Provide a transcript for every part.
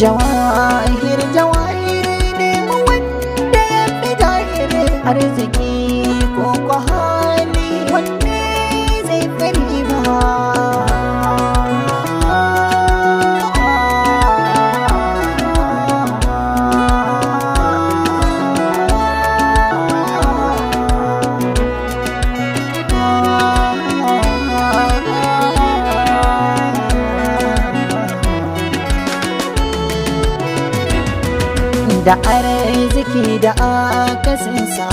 działania. da arziki da akasinsa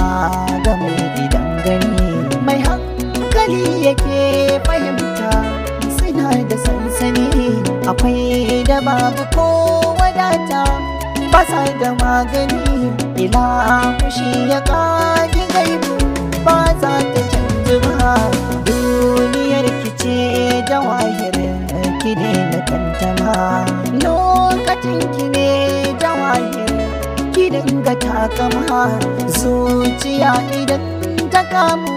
ga mai gidan gani mai hankali yake fahimta suna da sansani akwai da babu ko wadata sa da magani ila fushi ya kaji gaibu ba za ta canji ba duniyar kice jawahirin ki ne na tantama lokacin ki ne jawahir idan ga takama zuciya idan ta kamu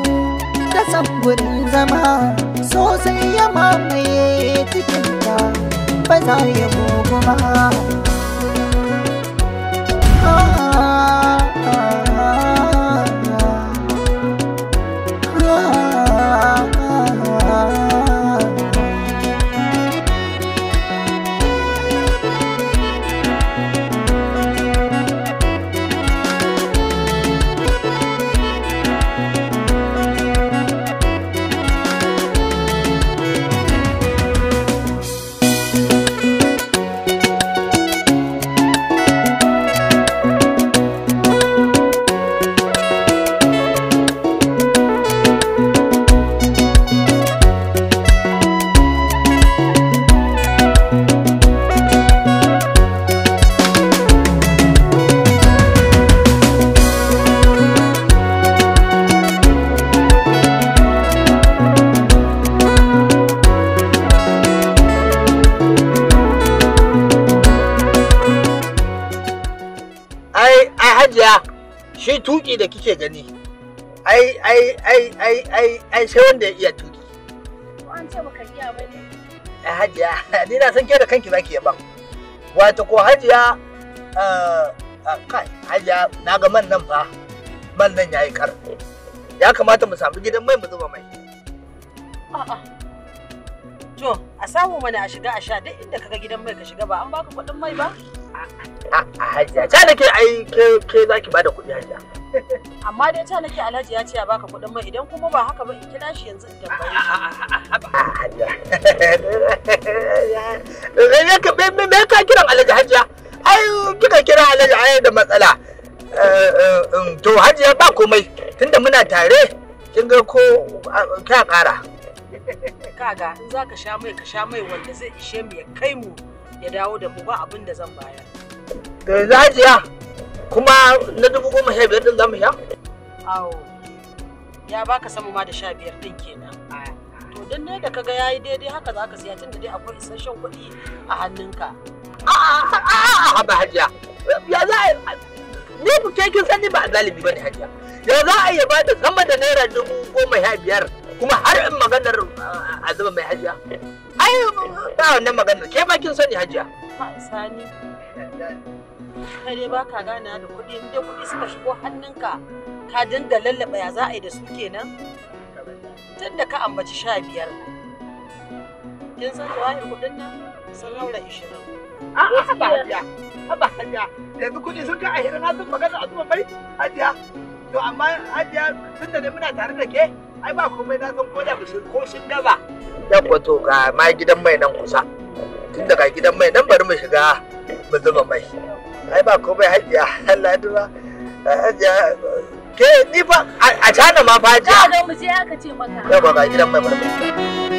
ta san gurin zama sosai ya mamaye cikinta ba za ya goma. tuki da kike gani ai ai ai ai ai ai sai wanda ya iya tuki an ce baka iya ba ne eh hajiya ni na san ke da kanki zaki yaban wato ko hajiya eh, eh, kai hajiya na ga man nan fa man nan yayi kar ya kamata mu samu gidan mai mu zuba mai a'a To, a samu mana a shiga a sha duk inda kaga gidan mai ka shiga ba an baka kuɗin mai ba? Hajiya, ta nake ai ke ke zaki bada kuɗi hajiya. Amma dai ta nake Alhaji ya ce ya baka kuɗin mai idan kuma ba haka ba in kira shi yanzu in tambaye shi. Me ka kiran Alhaji hajiya? Ai kika kira Alhaji ai da matsala. To hajiya ba komai tunda muna tare kin ga ko ka ƙara. kaga in za ka sha mai ka sha mai wanda zai ishe mu ya kai mu ya dawo da mu ba abin da zan bayar da yanzu hajiya kuma na dubu goma sha biyar din za mu sha awo ya baka sama ma da sha biyar din kenan to don ne da kaga yayi daidai haka za ka siya tunda dai akwai isasshen kuɗi a hannunka a'a ba hajiya ya za a ni ke kin sani ba a zalibi ba ne hajiya ya za a yi ba da sama da naira dubu goma sha biyar kuma har in maganar azaba mai hajiya ai ba wannan maganar ke ba kin sani hajiya sani kare ba ka gane da kuɗi in kuɗi suka shigo hannunka ka dinga lallaba ya za a yi da su kenan tun da ka ambaci sha biyar kin san jawahir kuɗin nan sun haura ishirin wasu ah, haɓa hajiya haɓa hajiya yanzu kuɗi sun kai a hirin hazin magana a zuba mai hajiya to amma hajiya tun da muna tare da ke ai ba komai na san ko da ko shin daba yabba to ga ma gidan mai nan kusa tun daga gidan mai nan bari mu shiga mu zuba mai ai ba komai hajiya Allah ya eh, hajiya ke ni fa a tana ma fa hajiya ga mu sai aka ce maka yabba ga gidan mai bari mu shiga.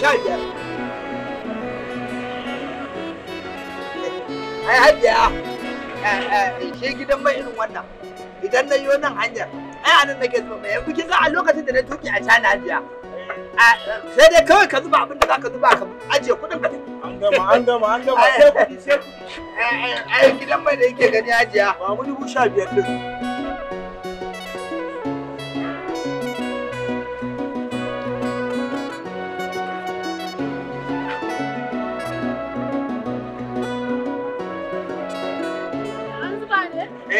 sha biyar ai hajiya eh, eh, shi gidan mai irin wannan idan na yi nan hanyar ai a nan nake zuba mai yanzu kin a lokacin da na tuki a cana hajiya eh, sai dai kawai ka zuba abin da zaka zuba ka ajiye kuɗin ka an gama an gama an gama gidan mai da yake gani hajiya ba mu dubu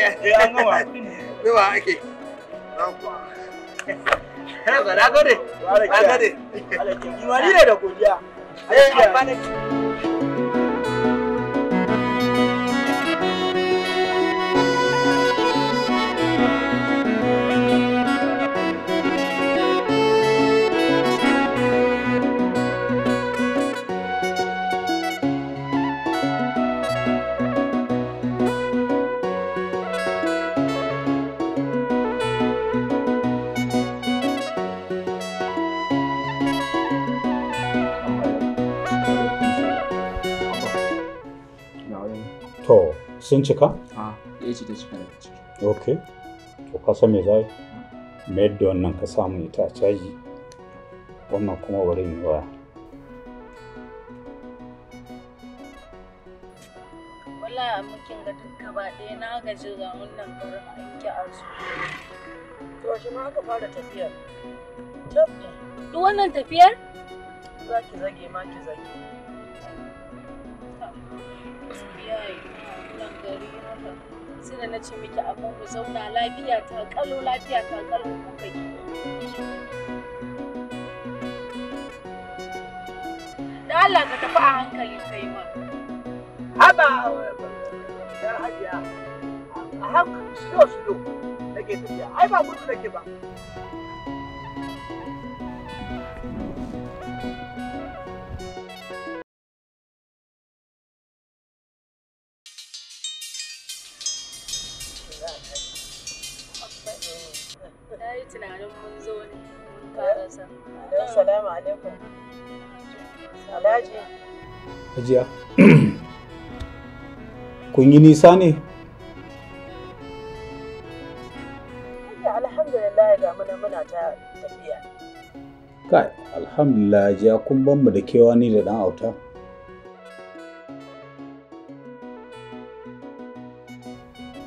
ya gama zuwa ake na gode na gode imani ne sun cika? a ya ce ta cika daga ciki ok to ka san me za yi mayar hmm. da wannan ka samu ita a caji wannan kuma bari in waya wallahi mukin ga duk gaba ɗaya na gaji ga wannan garin an ki a su to shi ma aka fara tafiyar tabbata duk wannan tafiyar za ki zage ma ki zage Yeah. nan gari sai da na ce miki abin ku zauna lafiya ta kalo lafiya ta kalo kuka yi da Allah ka tafi a hankali kai ma haba hajiya a hankali slow slow nake tafiya ai ba gudu nake ba kun yi nisa ne? Alhamdulillah muna muna ta Kai, alhamdulillah ji kun ban mu da kewa ni da ɗan auta.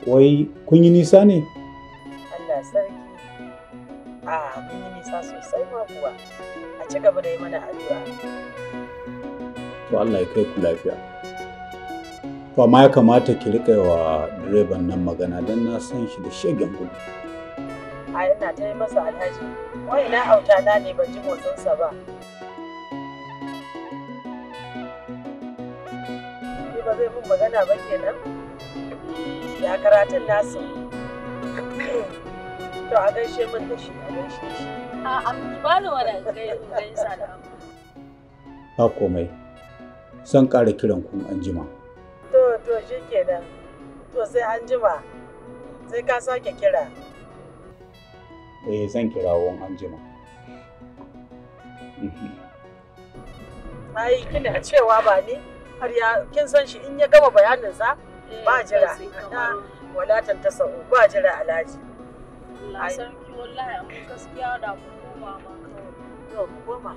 Wai kun yi nisa ne? Allah sarki. A kun yi nisa sosai ma kuwa. A ci gaba da yi mana addu'a. To Allah ya kai ku lafiya. to amma ya kamata ki riƙa wa direban nan magana don na san shi da shegen gudu a yana ta yi masa alhaji wai na auta na ne ban ji motsinsa ba ni ba zai bin magana ba kenan ya karatun nasu to a gaishe min da shi a gaishe shi a ba da wani gaisa da ba komai san ƙara kiran kun anjima. to shi kenan to sai an jima sai ka sake kira eh zan kira won an jima ai kina cewa ba ni har ya kin san shi in ya gama bayaninsa eh, ba jira na wala tantasa ba jira alaji Allah sarki wallahi amma gaskiya da ku koma ba kawai to ku koma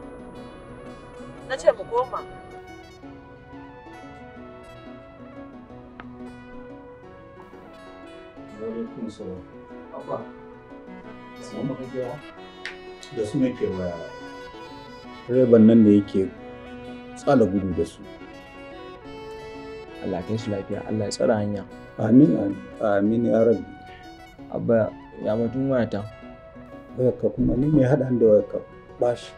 na ce mu koma Alaikun Da su nake waya. Direban nan da yake tsala gudu da su. Allah kai shi lafiya, Allah ya tsara hanya. Amin, amin ya rabbi. Abba, ya batun wayata. Wayarka kuma ni mai haɗa da wayarka bashi.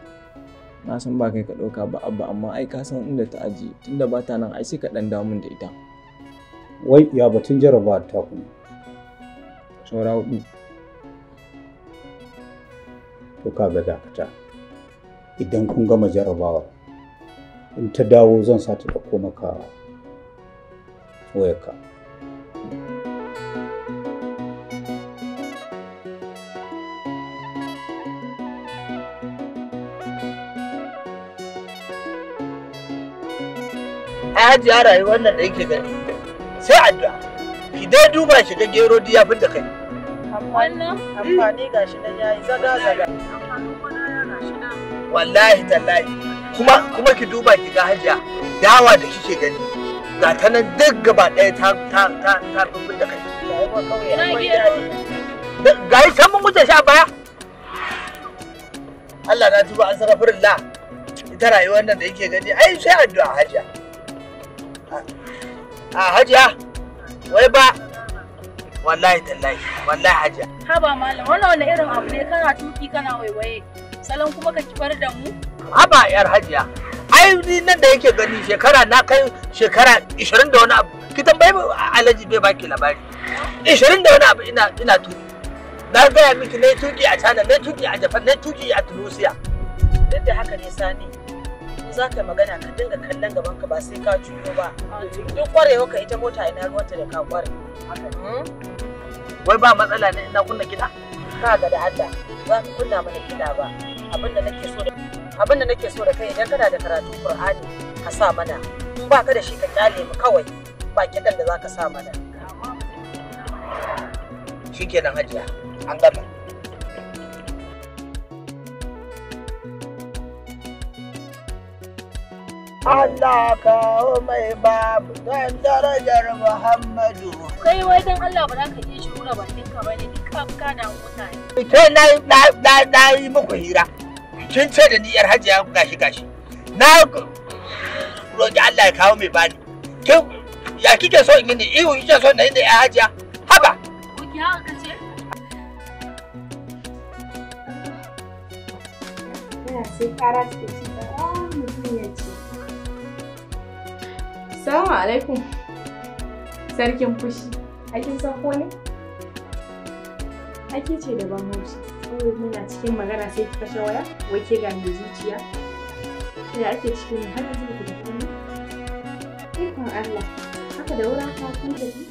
Na san ba kai ka ɗauka ba abba amma ai ka san inda ta aji tunda ba ta nan ai sai ka ɗan damun da ita. Wai ya batun jarabawa ta kuma. saura hudu to ga dakata idan kun gama jarabawa in ta dawo zan sa ta ɗauko maka wayarka hajiya rayuwar nan da yake gani sai addu'a ki dai duba shiga gero diya da kai wannan amfani gashi nan yayi zaga zaga wallahi tallahi kuma kuma ki duba ki ga hajiya dawa da kike gani ga ta nan duk gaba ɗaya ta ta ta ta bumbun da kai ga yi san mun wuce sha baya Allah na tuba an sarrafin la ita rayuwar nan da yake gani ai sai addu'a hajiya a hajiya wai ba wallahi tallahi wallahi hajiya haba malam wannan wani irin abu ne kana tuki kana waiwaye salon kuma ka kibar da mu haba yar hajiya ai ni nan da yake gani shekara na kai shekara 20 da wani abu ki tambayi alhaji bai baki labari 20 da wani abu ina ina tuki na gaya miki na tuki a China na tuki a Japan na tuki a Tunisia duk da haka ne sani za ka magana ka dinga kallon gaban ka ba sai ka cuto ba duk kwarewa ka ita mota ina ruwanta da ka kware Wai ba matsala ne ina kunna kiɗa? Ka ga da Allah za ka kunna mana kiɗa ba. Abinda nake so da abinda nake so da kai idan kana da karatu Qur'ani ka sa mana. In ba ka da shi ka kyale mu kawai ba kiɗan da za ka sa mana. Shikenan hajiya an gama. Allah kawo mai babu don darajar Muhammadu. Kai wai don Allah ba za ka iya shura bakinka ba ne duk ka na mutane. Ke na yi muku hira. Kin ce da ni niyyar hajiya gashi gashi. Na roƙi Allah ya kawo mai bani. Kin ya kike so in yi ne ihu kike so na yi da ya hajiya. Haba. Kuki haka ka ce? Ina sai kara suke ci ba ah, mutum ya ci. Salamu alaikum. Sarkin fushi. Akin sako ne? Ake ce da ban haushi. Kawai muna cikin magana sai ki kashe waya, wai ke ga mai zuciya. Da ake cikin har yanzu ku da kuma. Ikon Allah, haka da wurin ka kun tafi.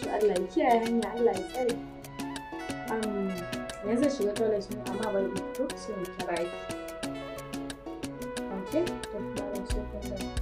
To Allah ya kiyaye hanya, Allah ya tsare. Yanzu shiga toilet ne amma bai fito sai mu kira ki. Okay, to kuma sai kun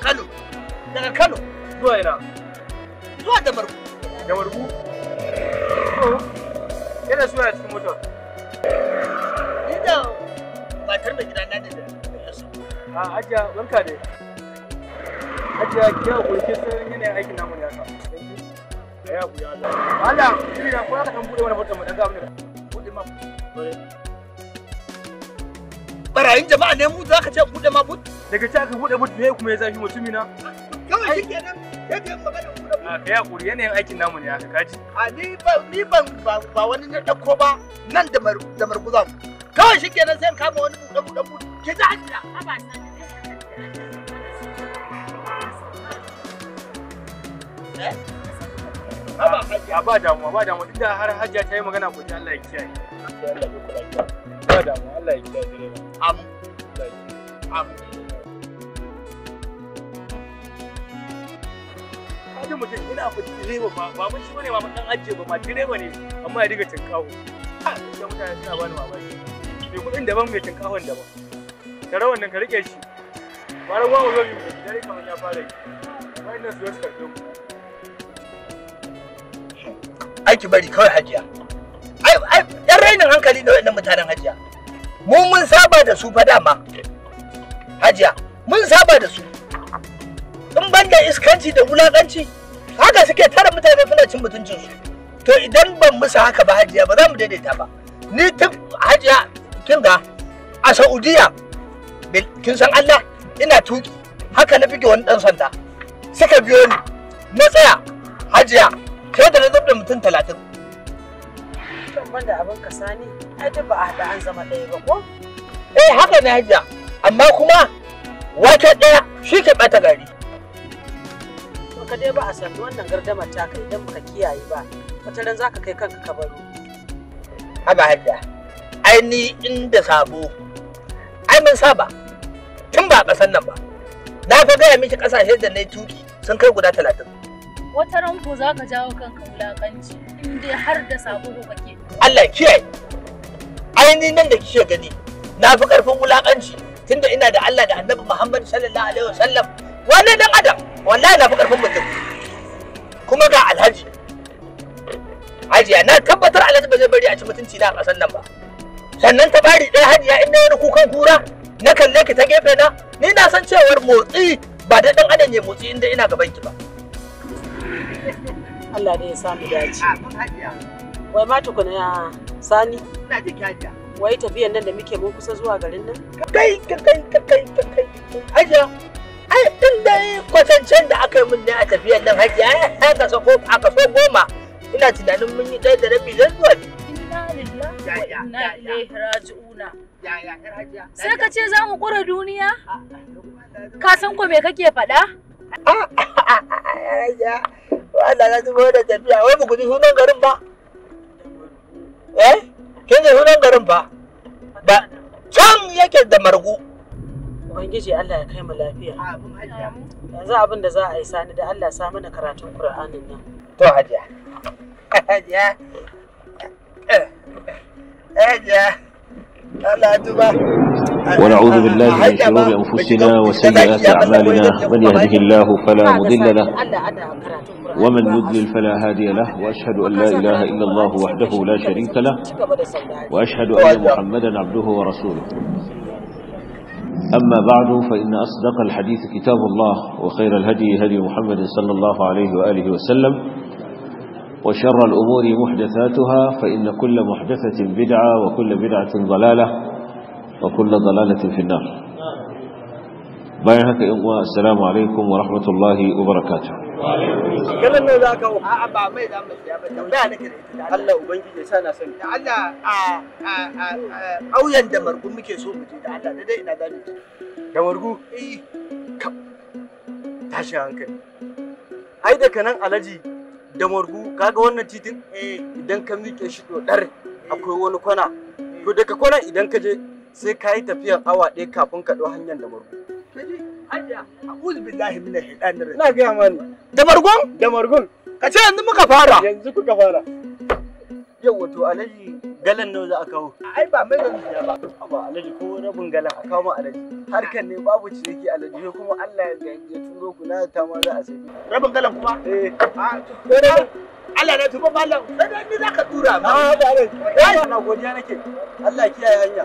Kano. Daga Kano. Zuwa ina. Zuwa da barbu. Da barbu? Yana suna a cikin motar. Ni da matar mai gida na da A ajiya wanka dai. Ajiya ki ya kurke sun yanayin aikin namu ne haka. Da ya buya Allah. Allah, shi na ko ka kan bude mana motar mu dan ga mu. Bude ma. Barayin jama'a ne mu za ka ce daga ta ka buɗe but me kuma ya zafi mutumi na kawai shi kenan yadda yin magana buɗe but a yi hakuri yanayin aikin namu ne haka kaji a ni ba ni ban ba wani na ɗauko ba nan da mar da marguzan kawai shi kenan sai kama wani buɗe buɗe but ke za a jira a ba damuwa ba damuwa duk har hajja ta yi magana ko ta Allah ya kiyaye ba damuwa Allah ya kiyaye Amin. amin. kaji mutum ina fa direba ba ba mun shi bane ba dan ajiye ba ma direba ne amma ya diga tinkawo ha da mutane suna bani ba mamaki me kudin daban me tinkawon daban ka rawan nan ka rike shi bara wa wa yau da dare kamar ya fara yi wannan su suka kai aiki bari kawai hajiya ai ai dan rainin hankali da wannan mutanen hajiya mu mun saba da su fa dama hajiya mun saba da su suke iskanci da wulakanci haka suke tara mutane suna cin mutuncinsu to idan ban musu haka ba hajiya ba za mu daidaita ba ni tun hajiya kin ga a saudiya kin san allah ina tuki haka na fige wani dan sanda suka biyo ni na tsaya hajiya sai da na zubda mutum talatin ban da abin ka sani ai ba a haɗa an zama ɗaya ba ko eh haka ne hajiya amma kuma wata ɗaya shi ke ɓata gari ka dai ba a san wannan gardamar taka idan baka kiyaye ba wata ran zaka kai kanka ka baro haba hajja ai ni inda sabo ai mun saba tun ba a kasan nan ba na fa gaya miki kasashe da na tuki sun kai guda talatin wata ran ko za ka jawo kanka wulakanci in dai har da sabo ko kake Allah kiyaye ai ni nan da kike gani na fi karfin wulakanci tunda ina da Allah da Annabi Muhammad sallallahu alaihi wasallam wannan dan adam wallahi na fi karfin mutum kuma ga alhaji hajiya na tabbatar alhaji ba zai bari a ci mutunci na a ƙasar nan ba sannan ta bari ɗaya hajiya inda wani kukan kura na kalle ki ta gefe na ni na san cewar motsi ba da ɗan adam ya motsi inda ina gaban ki ba Allah ne ya samu dace wai ma tukuna sani na ji hajiya wai tafiyan nan da muke mun kusa zuwa garin nan kai kai kai kai hajiya ai tun da kwata biyar nan hajiya ka so aka so goma ina tunanin mun yi ɗaya da rabi zuwa Sai ka ce za mu ƙura duniya? Ka san ko me kake faɗa? Wanda na zubo da tafiya, wai ba ku sunan garin ba? Eh? Kin ji sunan garin ba? Ba, can yake da margu. ubangiji Allah ya kai mu lafiya yanzu abin da za a yi sani da Allah sa mana karatun Qur'anin nan to hajiya hajiya hajiya ونعوذ بالله من شرور انفسنا وسيئات اعمالنا من يهده الله فلا مضل له ومن يضلل فلا هادي له واشهد ان لا اله الا الله وحده لا شريك له واشهد ان محمدا عبده ورسوله أما بعد فإن أصدق الحديث كتاب الله وخير الهدي هدي محمد صلى الله عليه وآله وسلم وشر الأمور محدثاتها فإن كل محدثة بدعة وكل بدعة ضلالة وكل ضلالة في النار bayan haka yin uwa assalamu alaikum wa rahmatullahi wa barakatuh kallon nan za ka hau a ba mai za mu siya ba tambaya nake da Allah ubangiji ya sana na sani da Allah a a da margu muke so mu je da Allah da dai ina gani da margu eh tashi hankali ai da kanan alaji da margu kaga wannan titin eh. idan ka miƙe shi dodar eh. akwai wani kwana to daga kwana idan ka je sai ka yi tafiyar awa ɗaya kafin ka ɗau hanyar da margu A'udhu billahi minash shaitanir Na ga mani. Da margun? Da margun. Ka ce yanzu muka fara. Yanzu kuka fara. Yau wato Alhaji galan nawa za a kawo? Ai ba mai zan siya ba. Ba Alhaji ko rabin galan a kawo mu Alhaji. Harkan ne babu ciniki Alhaji ko kuma Allah ya ya turo ku na ta ma za a sai. Rabin galan kuma? Eh. A Allah na tuba mallam. Sai dai ni zaka tura. Ah da Alhaji. Ai na godiya nake. Allah kiyaye hanya.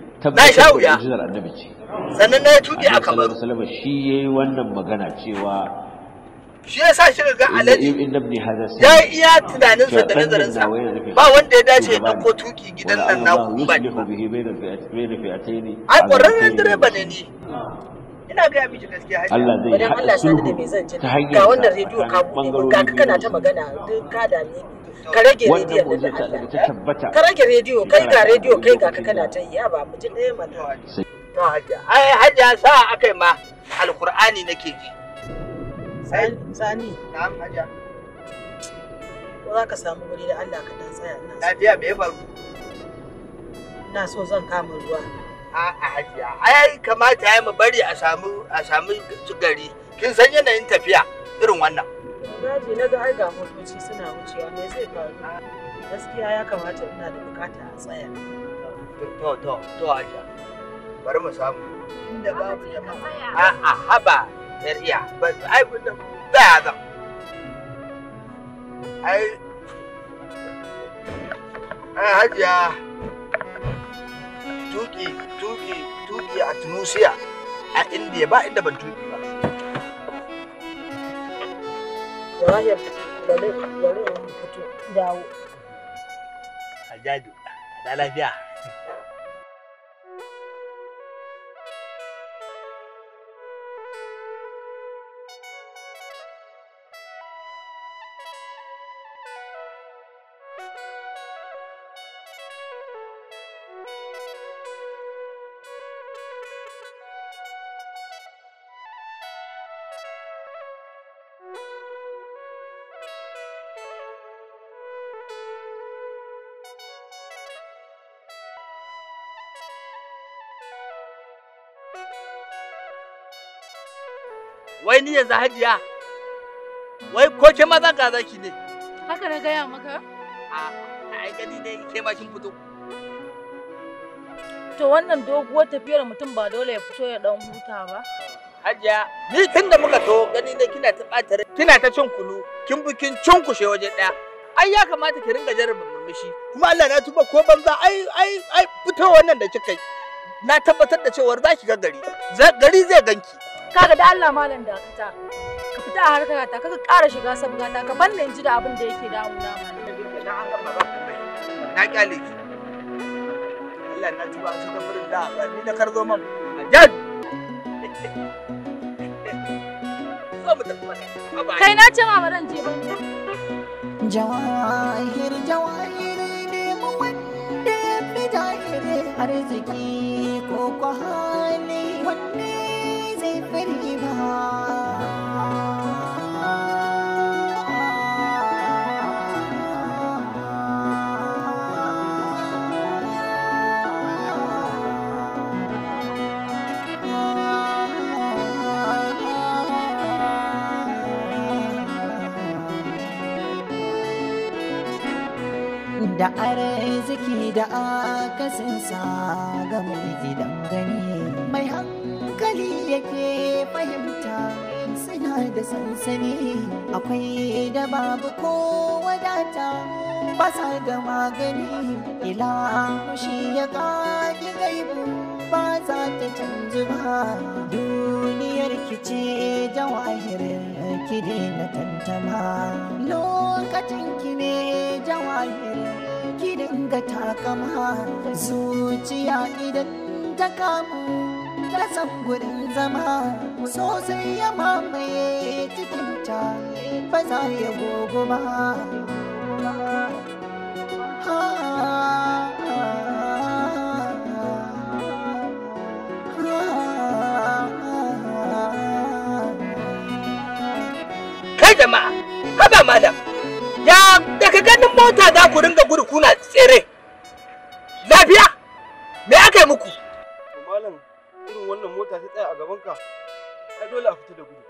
tabbatar da mu'jizar annabi ce sannan na ya tuki a kamaru shi yayi wannan magana cewa shi ya sa shi ga alaji ya yi iya tunaninsa da nazarinsa ba wanda ya dace ya ɗauko tuki gidan nan na ba ne ba ai direba ne ni ina miki gaskiya Allah zai haɗa sulhu ta hanyar ga wannan rediyo ka ka kana ta magana duk ka dame ka rage rediyo da ka rage rediyo kai ga rediyo kai ga ka kana ta yi ba mutum ɗaya mata to hajiya ai hajiya sa akai ma alqur'ani nake ji sani na'am hajiya ko za ka samu guri da Allah ka dan tsaya ina lafiya me ya faru ina so zan kama ruwa A'a hajiya, ai kamata ya mu bari a samu a samu Kin san yanayin tafiya irin wannan. Daji na ga ga motoci suna wucewa me zai faru? Gaskiya ya kamata ina da bukata a tsaya. tuki tuki tuki a tunisia a india ba inda ban tuki ba Yawahiyar, bari bari dawo. Hajjaju, da lafiya. wai ni yanzu hajiya wai ko ke ma zan gaza ki ne haka na gaya maka a ai gani ne ke ma kin fito to wannan doguwar tafiyar mutum ba dole ya fito ya dan huta ba hajiya ni tunda da muka to gani ne kina ta bata kina ta cin kunu kin bi kin cunkushe waje ɗaya ai ya kamata ki ringa jarraba murmushi kuma Allah na tuba ko banza ai ai ai fito wannan da kika yi na tabbatar da cewar za ki ga gari gari zai ganki kaga da Allah malam dakata ka fita har harkar ta kaga ƙara shiga ta ka banne in ji da abin da yake da damuna na na kyale ki Allah na tuba su da furin da ni da karzo man ajad kai na ce ma maran je ban jawahir jawahir ne mu wanda bi jahir arziki ko ko hali wanda da arziki da akasinsa ga mai gidan gani mai hankali hankali yake fahimta suna da sansani akwai da babu ko wadata ba sa da magani ila shi ya kaki gaibu ba za ta canji ba duniyar kici jawahirin ki na tantama lokacin ki ne jawahirin ki dinga takama zuciya idan ta kamu rasa gurin zama sosai ya ba za ya kai jama'a haba malam ya daga ganin mota za ku ringa gudu kuna tsere mota ta tsaya a gaban ka ai dole a fita da gudu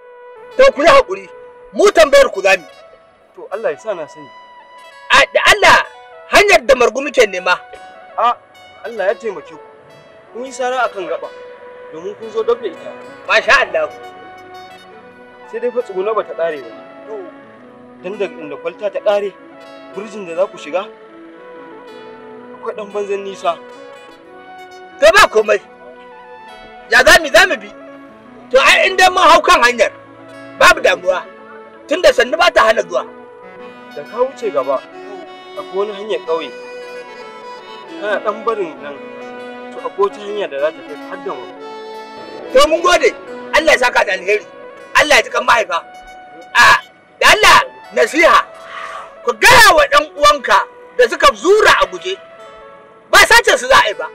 to ku yi hakuri mu tambayar ku zami to Allah ya sa na sani a da Allah hanyar da margumi ke nema a Allah ya taimake ku kun yi sara akan gaba domin kun zo dab ita masha Allah sai dai fa tsuguna bata kare ba dan da inda kwalta ta kare burjin da za ku shiga akwai dan banzan nisa to ba komai ya za mu za mu bi to ai in dai mun hau kan hanyar babu damuwa tunda sannu ba ta hana zuwa da ka wuce gaba akwai wani hanyar ƙauye kana dan barin nan to akwai wata hanya da za ta kai har da to mun gode Allah ya saka da alheri Allah ya ji kan mahaifa a da Allah nasiha ku gaya wa ɗan uwanka da suka zura a guje ba sace su za a yi ba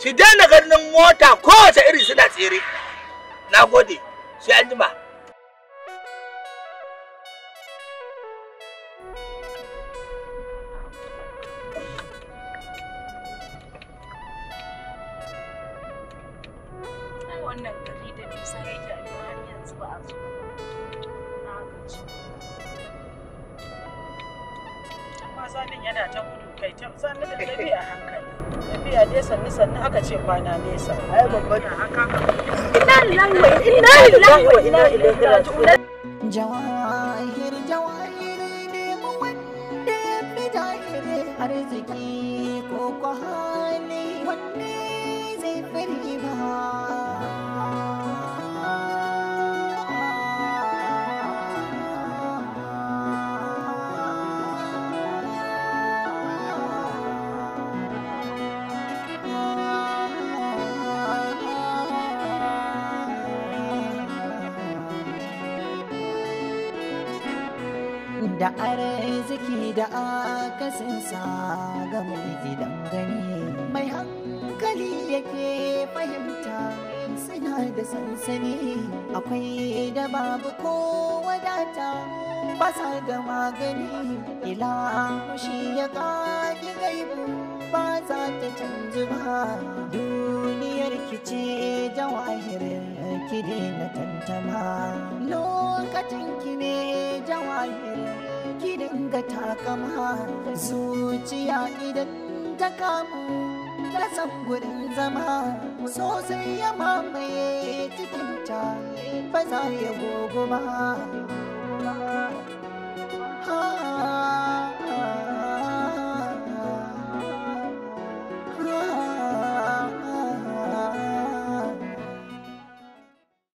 Shi daina ganin mota kowace iri suna tsere. Na gode, sai an jima. sanin yana ta gudu kai ta sanin da tafiya hankali tafiya dai sannu sannu aka ce kwana nesa ai babban haka inna lillahi wa inna lillahi jawahir jawahir ne mu wanda ya arziki ko kwa arziki da akasinsa ga mai gidan gani mai hankali yake fahimta suna da sansani akwai da babu ko wadata sa da magani ila shi ya kaki gaibu ba za ta canji ba duniyar kici jawahirin ki na tantama lokacin ki ne jawahirin ki da takama zuciya idan ta kamu ta san gurin zama sosai ya mamaye cikinta ba za ya goguma.